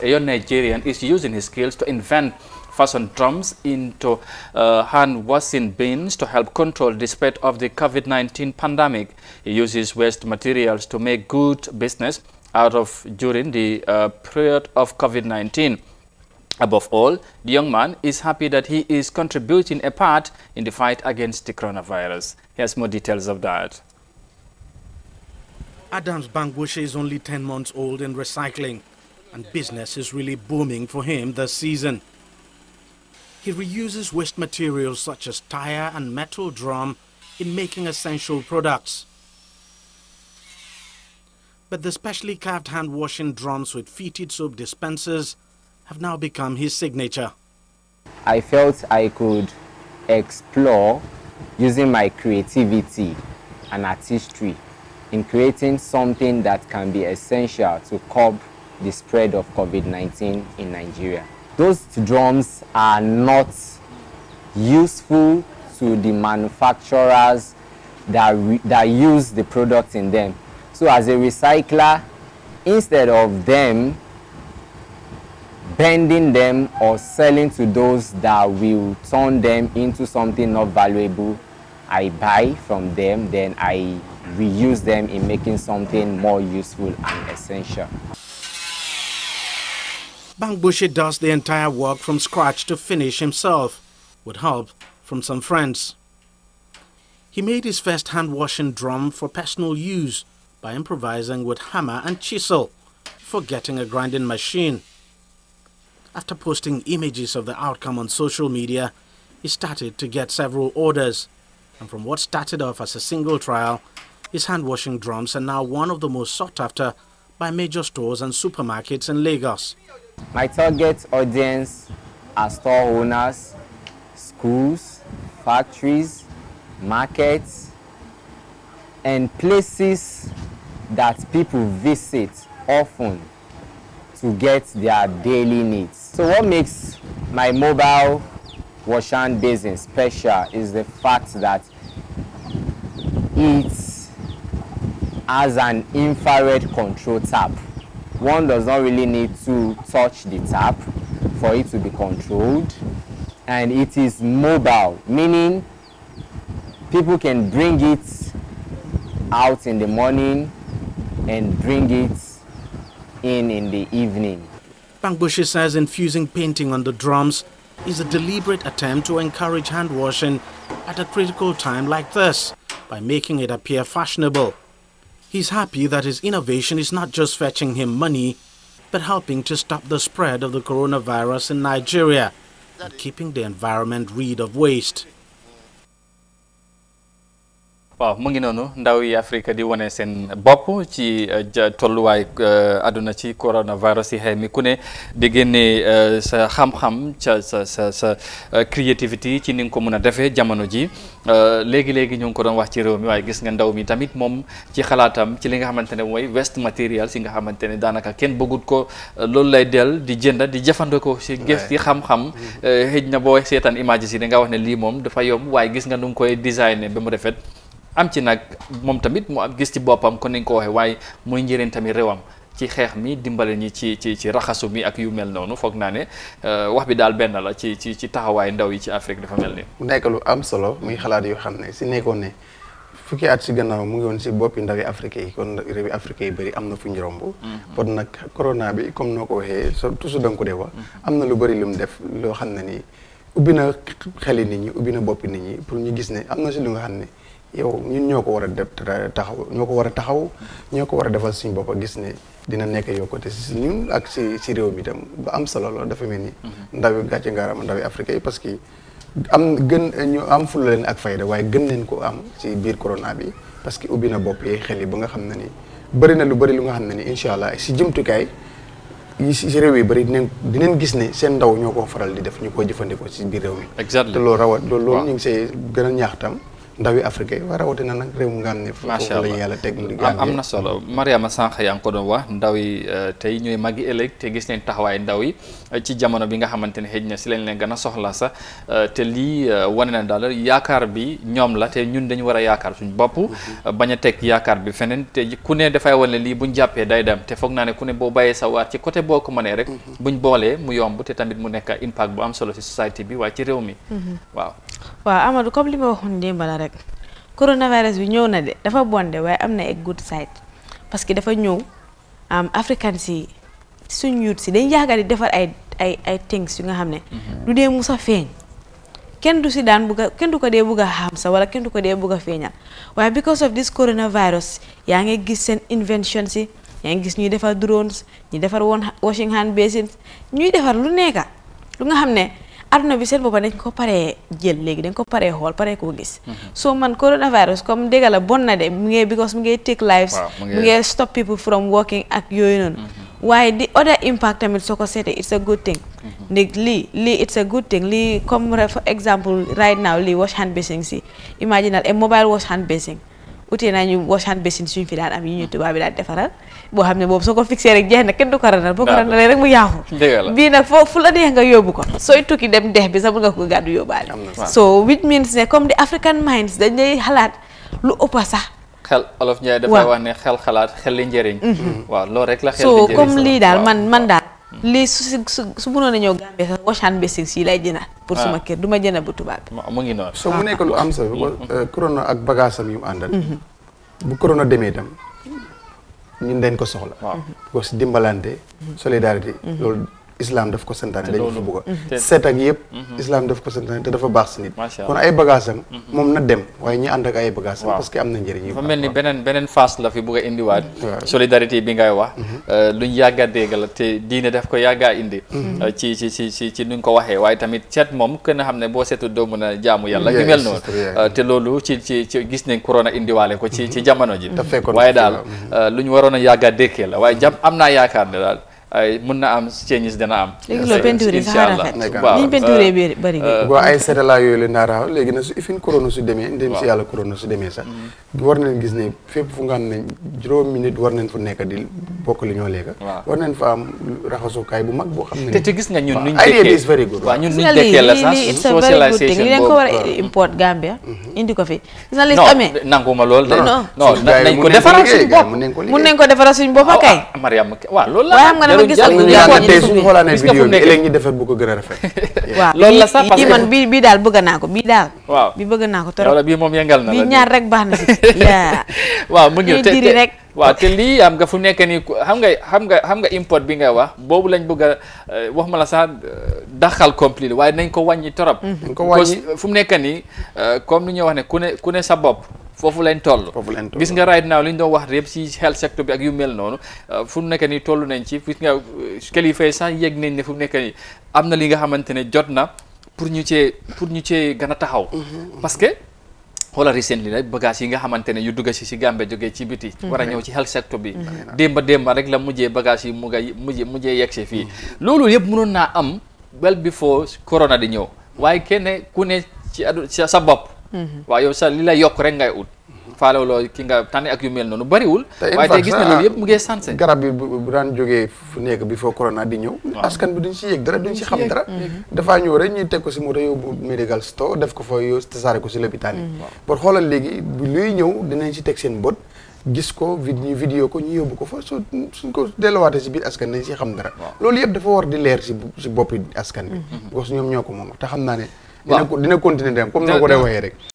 A young Nigerian is using his skills to invent fashion drums into uh, hand to help control the spread of the covid pandemic. He uses waste materials to make good business during the uh, period of covid Above all, the young man is happy that he is contributing a part in the fight against the coronavirus. Here's more details of that. Adams Bangwoshe is only 10 months old and recycling. and business is really booming for him this season. He reuses waste materials such as tire and metal drum in making essential products. But the specially carved hand drums with fitted soap dispensers have now become his signature. I felt I could explore using my creativity and artistry in creating something that can be essential to curb the spread of COVID-19 in Nigeria. Those drums are not useful to the manufacturers that, use the product in them. So as a recycler, instead of them bending them or selling to those that will turn them into something not valuable, I buy from them, then I reuse them in making something more useful and essential. Bangbushi does the entire work from scratch to finish himself, with help from some friends. He made his first hand drum for personal use by improvising with hammer and chisel for getting a grinding machine. After posting images of the outcome on social media, he started to get several orders, and from what started off as a single trial, his hand drums are now one of the most sought after by major stores and supermarkets in Lagos. My target audience are store owners, schools, factories, markets, and places that people visit often to get their daily needs. So what makes my mobile Washan Basin special is the fact that it has an infrared control tap. one does not really need to touch the tap for it to be controlled and it is mobile meaning people can bring it out in the morning and bring it in the evening. Pangbushi says infusing painting on the drums is a deliberate attempt to encourage hand at a critical time like this by making it appear fashionable. He's happy that his innovation is not just fetching him money, but helping to stop the spread of the coronavirus in Nigeria and keeping the environment rid of waste. waaw mu ngi noonu ndaw yi Afrique di wane seen bopp ci eh, tolluwaay eh, àdduna ci coronavirus yi xëy mi ku ne di génne eh, sa xam-xam ca sa sa sa creativity ci ni nga ko mën a defee jamono ji léegi léegi ñu ngi ko doon wax ci réew mi waaye gis nga ndaw mi tamit moom ci xalaatam ci li nga xamante ne mooy waste material si nga xamante ne daanaka kenn bëggut ko loolu lay dell di jënd di jëfandikoo si gëf ci xam-xam mm-hmm. xëj na boo seetaan image si danga wax ne lii moom dafa yomb waaye gis nga nu ngi koy designé ba mu rafet am ci nag moom tamit mu am gis ci boppam kon nañ ko waxee waaye muy njëriñ tamit réewam ci xeex mi dimbale nii ci ci ci raxasu mi ak yu mel noonu foog naa ne euh, wax bi daal benn la ci ci ci taxawaay ndaw yi ci Afrique dafa mel ni. mu nekk lu am solo muy xalaat yoo xam ne si nekkoon ne fukki at si gannaaw mu ngi woon si boppi ndawi Afrique yi kon réewi Afrique yi bari am na fu ñu romb. Mm-hmm. kon nag corona bi comme noo ko waxee surtout su danga ko dee wax. Mm-hmm. am na lu bëri lu mu def loo xam ne nii ubbi na xeli nit ñi ubbi na boppi nit ñi pour ñu gis ne am na si lu nga xam ne. yow ñun ñoo ko war a def taxaw ñoo ko war a taxaw ñoo ko war a defal suñu bopp gis ne dina nekk yokkute si ñun ak si si réew mi tam ba am solo la dafa mel ni. Mhm. ndawi gàcce ngaaraama ndawi Afrique yi parce que am gën ñu am fulla leen ak fayda waaye gën leen ko am si biir corona bi parce que ubbi na bopp yi xel yi ba nga xam ne ni bëri na lu bëri lu nga xam ne ni incha allah si jumtukaay. si réew yi bëri dinañ dinañ gis ne seen ndaw ñoo ko faral di def ñu ko jëfandikoo si biir réew mi. exactement te loo rawat loolu ñu ngi gën a ñaax tam. ndawi Afrique yi waaye am na solo Mariama Sànq yaa ko doon wax ndaw euh, tey ñooy màggi ëllëg te gis nañ taxawaay ndaw yi euh, ci jamono bi nga xamante ne xëj na si leen leen gën a soxla sax euh, te lii wane na daal yaakaar bi ñoom la te ñun dañu war a yaakaar suñu bopp. Mhm. bañ a teg yaakaar bi feneen te ku ne dafay wane lii buñ jàppee day dem te foog naa ne ku ne boo bàyyee sa waat ci côté boo ko mënee rek. Mhm. buñ boolee mu yomb te tamit mu nekk impact bu am solo si société bi waaye ci rek coronavirus bi ñëw na de dafa bonde waaye am na ay good side parce que dafa ñëw am african si suñ yuut si dañ yaaga di defar ay ay ay things yu nga xam ne mhm. du dee musa feeñ kenn du si daan bugg a kenn du ko dee bugg a xam sa wala kenn du ko dee bugga a feeñal waaye because of this coronavirus yaa ngi gis seen invention si yaa ngi gis ñuy defar drones ñuy defar woon washing hand ñuy defar lu nekka lu nga xam ne adduna bi seen boppa dañ ko paree jël léegi dañ ko paree xool paree koo gis mhm. so man coronavirus comme dégg bon na de mu ngee because mu ngee take lives mu ngee stop people from working ak yooyu noonu mhm. waaye di other impact tamit soo ko seetee it's a good thing ndég mhm. lii lii it's a good thing lii comme for example right now lii wash hand basin si imaginal a mobile wash hand basin utee nañu washhand basin suñ fi daan am yi ñu tubaab daan defaral boo xam ne boobu soo ko fixé rek jeex na kenn ko ranal boo ko ranalee rek mu yaaxu bii nag foofu fu la neex nga yóbbu ko sooy tukki dem dex bi sax nga ko gàddu yóbbaale so which means ne comme the African minds dañ lay xalaat lu ëpp sax xel xalaat xel li njëriñ mhm. waaw rek la xel li njëriñ so comme lii daal man daal lii su si su su mënoon a ñëw Gambie sax Washan Basics yi lay jënaat. pour suma ah. kër du ma jëna bu mu nekk lu am sax. Mm-hmm. Uh, corona ak bagage yu àndal. Mm-hmm. bu corona demee itam. ñun dañ ko soxla. parce que dimbalante. Mm-hmm. solidarité loolu. islam daf ko santaane dañu fa a mm-hmm. seet ak yëpp mm-hmm. islam daf ko santaane te dafa baax si nit kon ay bagage mm-hmm. moom na dem waaye ñi ànd ak ay bagage am parce que am na njëriñ dafa mel ni beneen beneen la fi bëgg indiwaat solidarité bi ngay wax euh, luñ yàgga dégg la te diine daf ko yàggaa indi euh, ci ci ci ci ci nuñ ko waxee waaye tamit seet moom kën a xam boo seetu doo mën a jaamu yàlla yu mel euh, te loolu ci ci ci gis nañ corona indiwaale ko ci ci jamono ji waaye daal ñu waroon a yàgga dékkee la waaye jam am naa yaakaar ne daal ay mën na am changes dana am. léegi loolu peinture yi sax a rafet waaw liñ peinture bi bëri boo ay seetalaa yooyu la naa raaw léegi nag su ifin corona su demee ndem si yàlla corona su demee sax mm-hmm. war nañ gis ne fépp fu nga xam ne juróomi nit war nañ fa nekk di bokk li ñoo léegi. waaw war nañ fa am raxasukaay bu mag boo xam ne. te te gis nga ñun nuñ dëkkee waaw ñun nuñ dëkkee la sax socialisation boobu li ko war a import Gambia. Mhm. indi ko fi. gis de. non non nañ ko defaral suñu bopp mun nañ ko defaral suñu bopp kay. Ah, ah, Mariam waaw loolu la. waaye xam nga dama gis ak ñu a la bii moom yëngal na bii ñaar rek baax na si. waaw mu ngi te waaw te lii am nga fu nekk nii xam nga xam nga xam nga import bi ngay wax boobu lañ bëgg a eh, wax ma la sax eh, daxal complet waaye nañ ko wàññi trop mm-hmm. ko wàññi fu mu nekk nii eh, comme li ñuy wax ne ku ne ku ne sa bopp foofu lañ toll gis nga right now li ñu wax répp ci health sector bi ak yu mel noonu fu mu nekk nii toll nañ ci gis nga kilifa yi sax yëg nañ ne fu mu nekk nii am na li nga xamante ne jot na pour ñu cee pour ñu cee gën a taxaw mm-hmm. parce que xoolal recently rek bagage yi nga xamante ne yu dugga si si Gambie jógee ci biti mhm. war a ñëw ci health sector bi démba mhm. démba rek la mujjee bagage yi mu nga mujjee mujjee yeggsi fii loolu yëpp mënoon naa am well before corona di ñëw waaye kenn ku ne ci adu sa bopp mhm. waaw yow sa li la yokk rek ngay ut faalewloo ki nga tànn ak yu noonu bariwul waaye tey gis na loolu yëpp mu ngee sansé garab yi bu daan jógee fu nekk bi foo corona di si yëg dara duñ si xam dara mm-hmm. dafaa ñëw rek ko si ko fa yow tasaare ko si lopitaan yi mm-hmm. bon xoolal ñëw dinañ si teg seen bët gis ko vid ñu vidéo ko ñu yóbbu ko fa su suñ ko delluwaatee si biir askan nañ si xam dara loolu yëpp dafa war di leer si si boppi askan bi parce mm-hmm. ñoom ñoo ko moom te xam naa ne dina dina continuer dem comme noo ko dee waxee rek